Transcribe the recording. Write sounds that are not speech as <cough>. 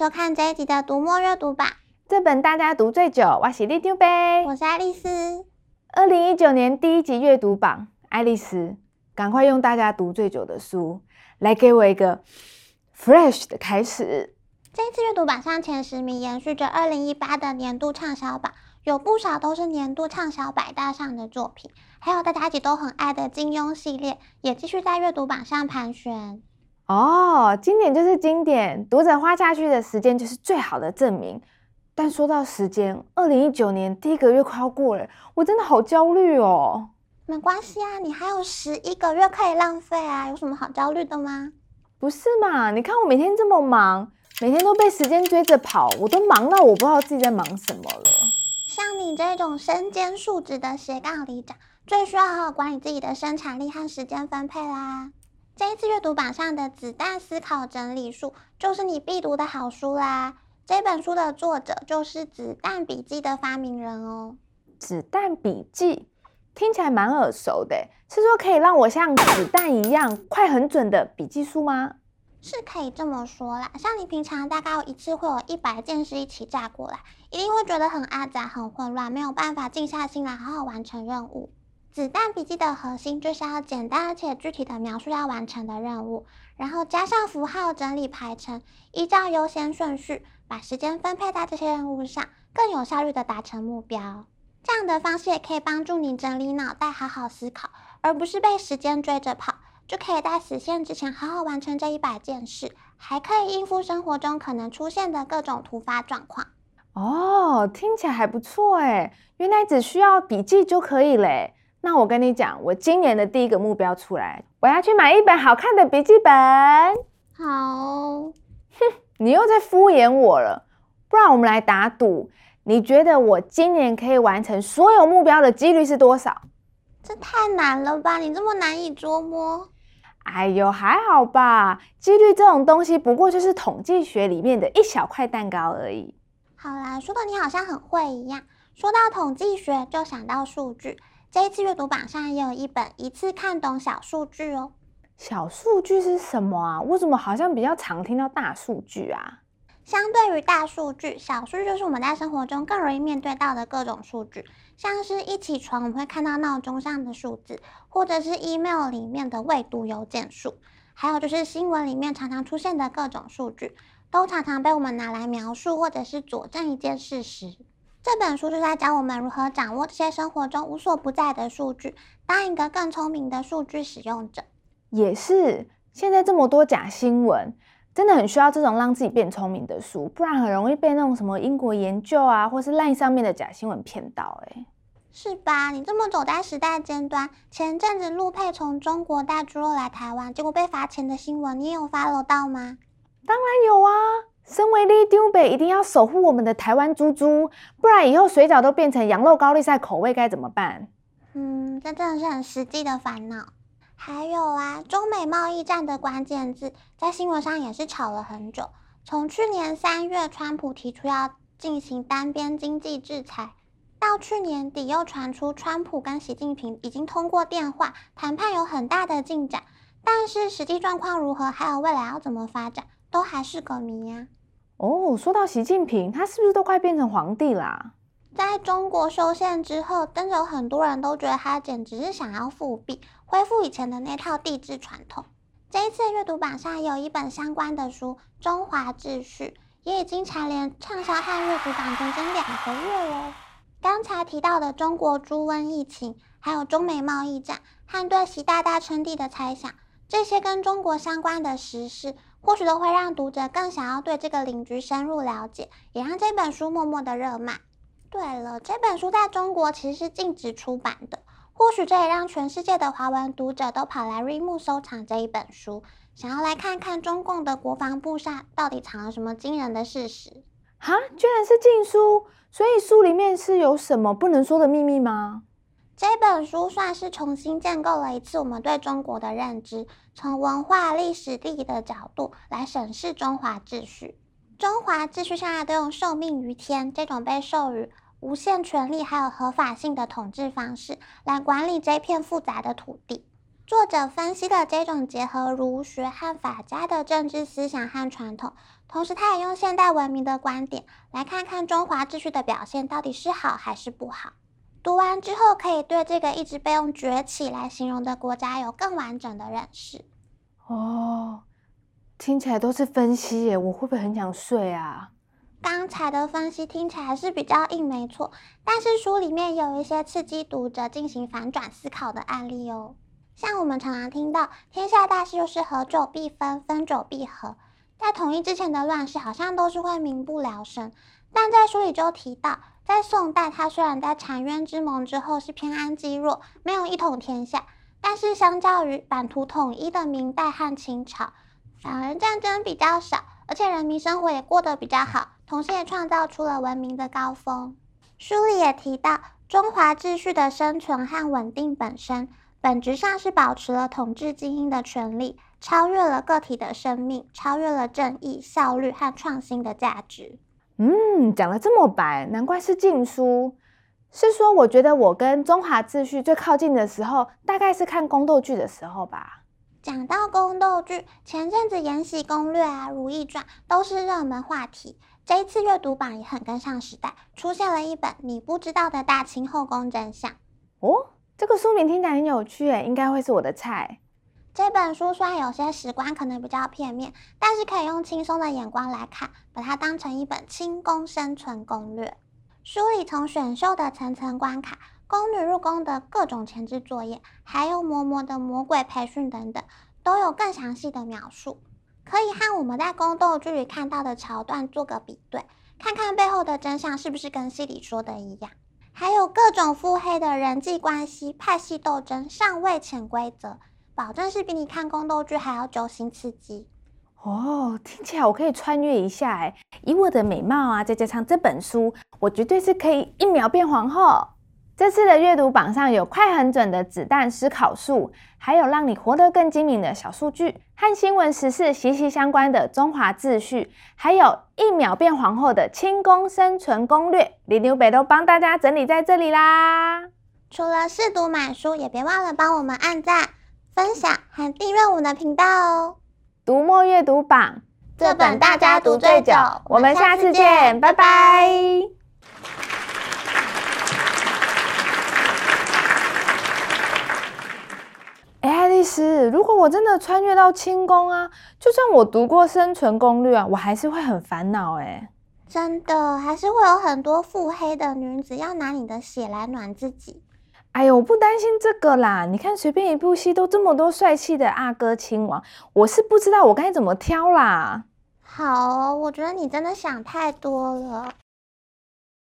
收看這一集的讀墨閱讀榜，這本大家讀最久。我是力丟杯。我是愛麗絲。二零一九年第一集閱讀榜，愛麗絲，趕快用大家讀最久的書來給我一個 fresh 的開始。這一次閱讀榜上前十名延續着二零一八的年度暢銷榜，有不少都是年度暢銷百大上的作品，還有大家一直都很愛的金庸系列也繼續在閱讀榜上盤旋。哦，經典就是經典，讀者花下去的時間就是最好的證明。但說到時間，二零一九年第一個月快要過了，我真的好焦慮哦。沒關係啊，你還有十一個月可以浪費啊，有什麼好焦慮的嗎？不是嘛，你看我每天這麼忙，每天都被時間追着跑，我都忙到我不知道自己在忙什麼了。像你這種身兼數職的斜槓里長，最需要好好管理自己的生產力和時間分配啦。這一次閱讀榜上的《子彈思考整理術》就是你必讀的好書啦。這本書的作者就是《子彈筆記》的發明人哦。《子彈筆記》聽起來蠻耳熟的，是說可以讓我像子彈一樣快很準的筆記書嗎？是可以這麼說啦。像你平常大概一次會有一百件事一起炸過來，一定會覺得很阿雜、很混亂，沒有辦法靜下心來好好完成任務。子彈筆記的核心就是要簡單而且具體的描述要完成的任務，然後加上符號整理排程，依照優先順序把時間分配在這些任務上，更有效率的達成目標。這樣的方式也可以幫助你整理腦袋，好好思考，而不是被時間追着跑，就可以在時限之前好好完成這一百件事，還可以應付生活中可能出現的各種突發狀況。哦，聽起來還不錯誒，原來只需要筆記就可以嘞。那我跟你講，我今年的第一個目標出來，我要去買一本好看的筆記本。好哦，哼，你又在敷衍我了。不然我們來打賭，你覺得我今年可以完成所有目標的幾率是多少？這太難了吧！你這麼難以捉摸。哎呦，還好吧。幾率這種東西，不過就是統計學裡面的一小塊蛋糕而已。好啦，說的你好像很會一樣。說到統計學，就想到數據。這一次閱讀榜上也有一本《一次看懂小數據》哦。小數據是什麼啊？為什麼好像比較常聽到大數據啊？相對於大數據，小數據就是我們在生活中更容易面對到的各種數據，像是一起床我們會看到鬧鐘上的數字，或者是 email 裡面的未讀郵件數，還有就是新聞裡面常常出現的各種數據，都常常被我們拿來描述或者是佐證一件事實。這本書就是在教我們如何掌握這些生活中無所不在的數據，當一個更聰明的數據使用者。也是，現在這麼多假新聞，真的很需要這種讓自己變聰明的書，不然很容易被那種什麼英國研究啊，或是 Line 上面的假新聞騙到，欸。誒，是吧？你這麼走在時代尖端，前陣子陸配從中國帶豬肉來台灣，結果被罰錢的新聞，你也有 follow 到嗎？當然有啊。身為立丟北，一定要守護我們的台灣豬豬，不然以後水餃都變成羊肉高麗菜口味該怎麼辦？嗯，這真的是很實際的煩惱。還有啊，中美貿易戰的關鍵字，在新聞上也是吵了很久。從去年三月，川普提出要進行單邊經濟制裁，到去年底又傳出川普跟習近平已經通過電話談判有很大的進展，但是實際狀況如何，還有未來要怎麼發展，都還是個謎呀。哦、oh，說到習近平，他是不是都快變成皇帝啦、啊？在中國修憲之後，真的有很多人都覺得他簡直是想要復辟，恢復以前的那套帝制傳統。這一次閱讀榜上有一本相關的書《中華秩序》，也已經蟬聯暢銷和閱讀榜整整兩個月哦。剛才提到的中國豬瘟疫情，還有中美貿易戰，和對習大大稱帝的猜想，這些跟中國相關的時事。或許都會讓讀者更想要對這個鄰居深入了解，也讓這本書默默的熱賣。對了，這本書在中國其實是禁止出版的，或許這也讓全世界的華文讀者都跑來讀墨收藏這一本書，想要來看看中共的國防部上到底藏了什麼驚人的事實？哈、啊，居然是禁書，所以書裡面是有什麼不能說的秘密嗎？這本書算是重新建構了一次我們對中國的認知，從文化、歷史、地理的角度來審視中華秩序。中華秩序向來都用“受命於天”這種被授予無限權力，還有合法性的統治方式來管理這片複雜的土地。作者分析了這種結合儒學和法家的政治思想和傳統，同時他也用現代文明的觀點來看看中華秩序的表現到底是好還是不好。讀完之後，可以對這個一直被用“崛起”來形容的國家有更完整的認識。哦，聽起來都是分析耶，我會不會很想睡啊？剛才的分析聽起來是比較硬，沒錯，但是書裡面有一些刺激讀者進行反轉思考的案例哦，像我們常常聽到“天下大事就是合久必分，分久必合”。在統一之前的亂世，好像都是會民不聊生。但在書裡就提到，在宋代，它雖然在澶淵之盟之後是偏安積弱，沒有一統天下，但是相較於版圖統一的明代和清朝，反而戰爭比較少，而且人民生活也過得比較好，同時也創造出了文明的高峰。書裡也提到，中華秩序的生存和穩定本身，本質上是保持了統治精英的權利，超越了個體的生命，超越了正義、效率和創新的價值。嗯，講得這麼白，難怪是禁書。是說，我覺得我跟中華秩序最靠近的時候，大概是看宮鬥劇的時候吧。講到宮鬥劇，前陣子《延禧攻略》啊，《如懿傳》都是熱門話題。這一次閱讀榜也很跟上時代，出現了一本你不知道的大清後宮真相。哦，這個書名聽起來很有趣誒，應該會是我的菜。這本書雖然有些史觀可能比較片面，但是可以用輕鬆的眼光來看，把它當成一本清宮生存攻略。書裡從選秀的層層關卡、宮女入宮的各種前置作業，還有嬤嬤的魔鬼培訓等等，都有更詳細的描述，可以和我們在宮鬥劇裡看到的橋段做個比對，看看背後的真相是不是跟戲裡說的一樣。還有各種腹黑的人際關係、派系鬥爭、上位潛規則。保證是比你看宮鬥劇還要揪心刺激哦！聽起來我可以穿越一下哎！以我的美貌啊，再加上這本書，我絕對是可以一秒變皇後。這次的閱讀榜上有快狠準的子彈思考術，還有讓你活得更精明的小數據，和新聞時事息息相關的中華秩序，還有一秒變皇後的清宮生存攻略，李柳北都幫大家整理在這裡啦！除了試讀買書，也別忘了幫我們按讚。分享還訂閱我們的頻道哦！讀墨閱讀榜這讀，這本大家讀最久。我們下次見，次見拜拜。哎，愛 <laughs> 麗絲，如果我真的穿越到清宮啊，就算我讀過《生存攻略》啊，我還是會很煩惱哎、欸。真的，還是會有很多腹黑的女子要拿你的血來暖自己。哎呦，我不擔心這個啦！你看，隨便一部戲都這麼多帥氣的阿哥親王，我是不知道我該怎麼挑啦。好哦，我覺得你真的想太多了。